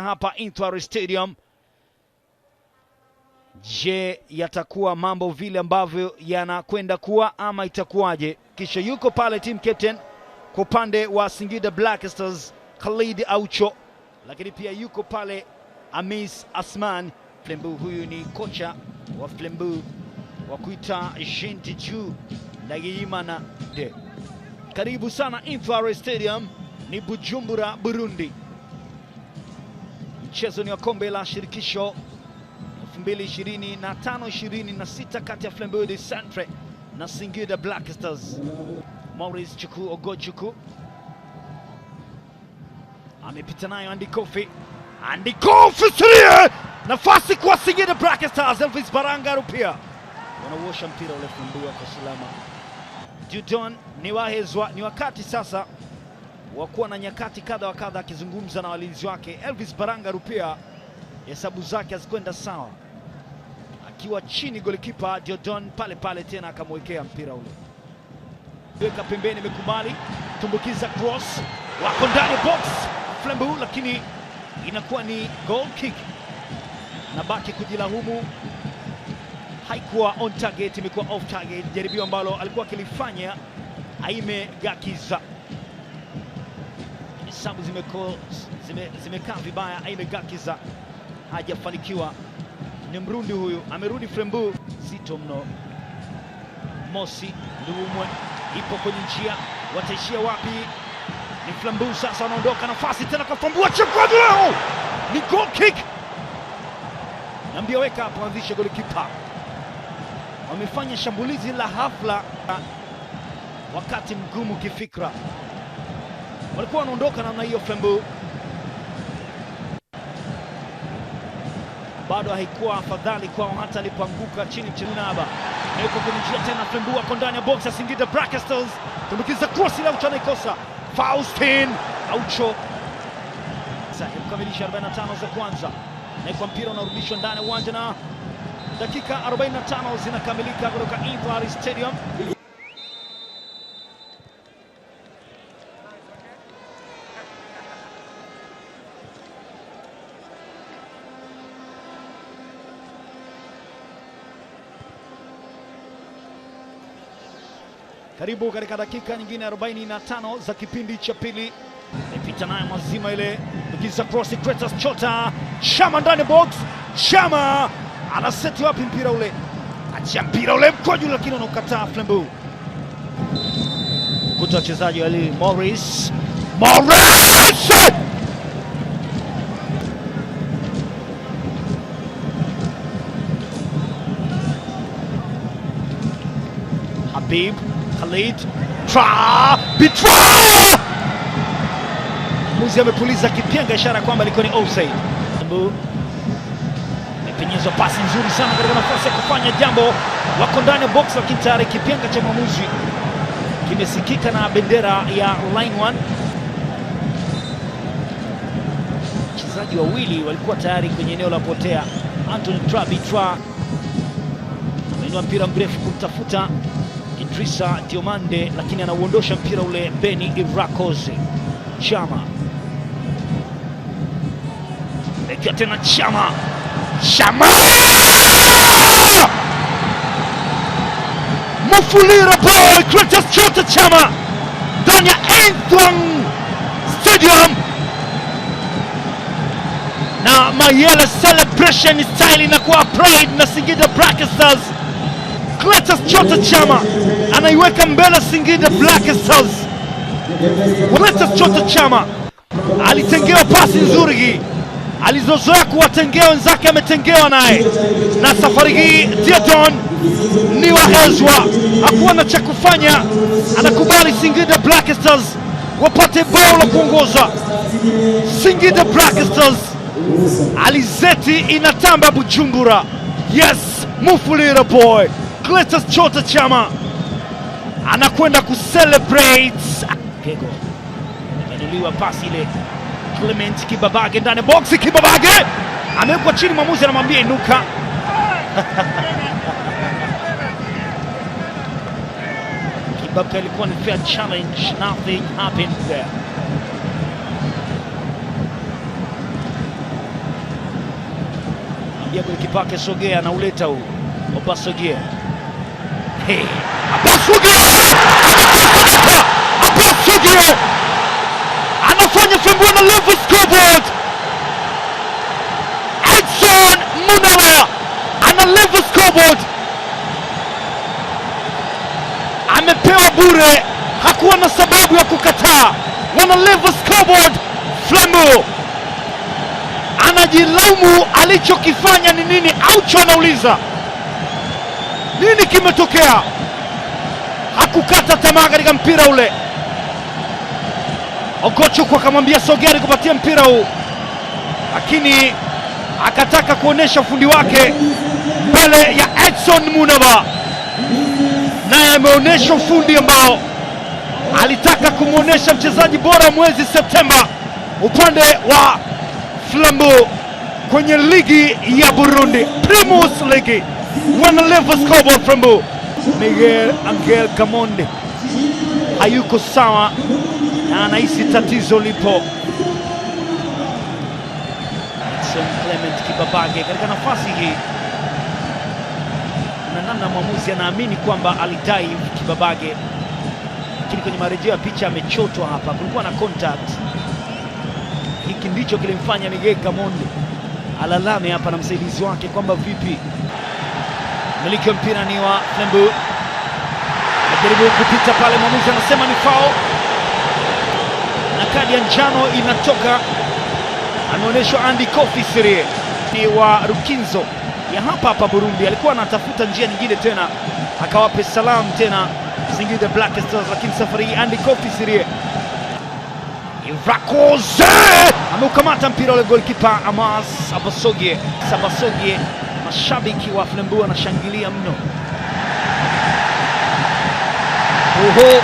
Hapa Intwari Stadium. Je, yatakuwa mambo vile ambavyo yanakwenda kuwa ama itakuwaje? Kisha yuko pale team captain kwa upande wa Singida Black Stars Khalid Aucho, lakini pia yuko pale Amis Asman Flembu. Huyu ni kocha wa Flembu wa kuita na yimana de. Karibu sana Intwari Stadium, ni Bujumbura, Burundi. Mchezo ni wa kombe la shirikisho 2025 26 kati ya Flambeau Centre na Singida Black Stars. Maurice Chuku Ogochuku amepita nayo Andikofi, Andikofi sirie nafasi kwa Singida Black Stars. Elvis Barangaru pia wanauosha mpira ule, fundua kwa salama. Judon ni wahezwa, ni wakati sasa wakuwa na nyakati kadha wa kadha akizungumza na walinzi wake. Elvis Baranga Rupia, hesabu zake hazikwenda sawa, akiwa chini golikipa Diodon pale pale tena akamwekea mpira ule, weka pembeni, imekubali tumbukiza cross, wako ndani box huu, lakini inakuwa ni goal kick na baki Haikuwa on target, imekuwa off target, jaribio ambalo alikuwa akilifanya Aime Gakiza sabu zimekaa zime, zime vibaya, aimegakiza hajafanikiwa. Ni Mrundi huyu, amerudi Frembu sito mno. Mosi Nduumwe ipo kwenye njia, wataishia wapi? Ni Flambu sasa, wanaondoka nafasi tena, kafambua Chepkwadu leo ni goal kick, nambia weka hapo, anzishe golikipa. Wamefanya shambulizi la hafla, wakati mgumu kifikra walikuwa wanaondoka namna hiyo. Fembu bado haikuwa afadhali kwao, hata alipoanguka chini Chinaba na yuko kwenye njia tena. Fembu ako ndani ya box ya Singida Black Stars, tumbukiza ile, Aucho anaikosa. Faustin Aucho kukamilisha 45 za kwanza, na kwa mpira unarudishwa ndani ya uwanja na dakika 45 zinakamilika kutoka Ivory Stadium. Karibu katika dakika nyingine 45 za kipindi cha pili. Imepita nayo mazima ile, ingiza cross Kretas Chota. Chama ndani box, Chama anaseti wapi mpira ule? Achia mpira ule mkwaju, lakini anaukataa Flambeau. Kuta wachezaji wali Morris, Morris Habib Khalid tra bitra muzi amepuliza kipenga, ishara kwamba ilikuwa ni offside. Imepenyezwa pasi nzuri sana katika nafasi ya kufanya jambo, wako ndani ya box lakini tayari kipenga cha mwamuzi kimesikika na bendera ya line one. Wachezaji wawili walikuwa tayari kwenye eneo la potea. Anton Trabitra ameinua mpira mrefu kumtafuta Idrisa Diomande, lakini anauondosha mpira ule Beni Ibrakoze. Chama lekia tena Chama, Chama Mufulira ball, greatest shot Chama ndani ya Entwang Stadium na Mayele celebration style inakuwa pride na Singida Black Stars Kletas Chota Chama anaiweka mbele Singida Black Stars. Kletas Chota Chama alitengewa pasi nzuri hii alizozoea kuwatengea wenzake, ametengewa naye, na safari hii Diodon ni wahezwa, hakuwa na cha kufanya, anakubali Singida Black Stars wapate bao la kuongoza. Singida Black Stars alizeti inatamba Bujumbura. Yes, Mufulira boy. Clatous Chota Chama anakwenda kucelebrate. Kego ananyanyuliwa pasi ile, Clement Kibabage ndani box, Kibabage amewekwa chini, mwamuzi anamwambia inuka. Kibabage alikuwa ni fair challenge, nothing happened there. Ambia kwa kipake sogea, anauleta huu Obasogea Hey, apasukiwe, anafanya fumbo na scoreboard. Edson ana Levi scoreboard, amepewa bure, hakuwa na sababu ya kukataa. Wana Levi scoreboard, anajilaumu alichokifanya ni nini? Aucho anauliza nini kimetokea? Hakukata tamaa katika mpira ule. kwa akamwambia sogea kupatia mpira huu, lakini akataka kuonesha ufundi wake mbele ya Edson Munava, naye ameonyesha ufundi ambao alitaka kumwonyesha mchezaji bora mwezi Septemba upande wa Flambeau kwenye ligi ya Burundi, Primus Ligi wanalefa scoreboard frambo. Miguel Angel Gamonde hayuko sawa na anahisi tatizo lipo. Clement Kibabage katika nafasi hii na namna mwamuzi anaamini kwamba alidai Kibabage, lakini kwenye marejeo ya picha amechotwa hapa, kulikuwa na contact. Hiki ndicho kilimfanya Miguel Gamonde alalame hapa na msaidizi wake kwamba vipi miliki wa mpira ni wa Flambeau, najaribu kupita pale, mwamuzi anasema ni fao na kadi ya njano inatoka, ameonyeshwa Andy Kofi Sirie. Ni wa Rukinzo ya hapa hapa Burundi, alikuwa anatafuta njia nyingine tena, akawape salam tena Singida Black Stars, lakini safari hii Andy Kofi Sirie Ivrakoze ameukamata mpira ule, goalkeeper Amas Abasogie Sabasogie mashabiki wa Flambeau wanashangilia mno. Oho.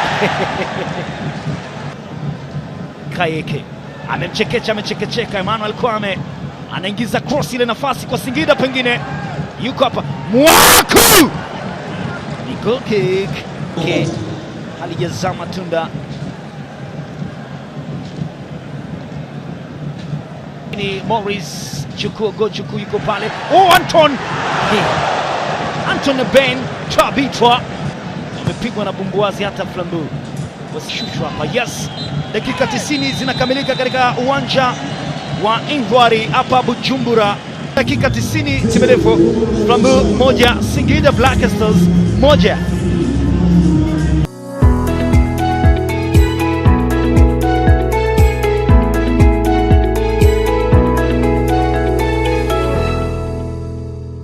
Kayeke amemchekecha, amechekecheka. Emmanuel Kwame anaingiza cross, ile nafasi kwa Singida, pengine yuko hapa. Mwaku ni goal kick, okay. Halijazaa matunda ni Morris Gochuku, Gochuku yuko pale. Oh, Anton yeah. Anton Ben Tabitwa amepigwa na bumbuazi hata flambu wasishushwa hapa. Yes, dakika 90 zinakamilika katika uwanja wa Ingwari hapa Bujumbura. Dakika 90 timelevu, Flambu moja, Singida Black Stars moja.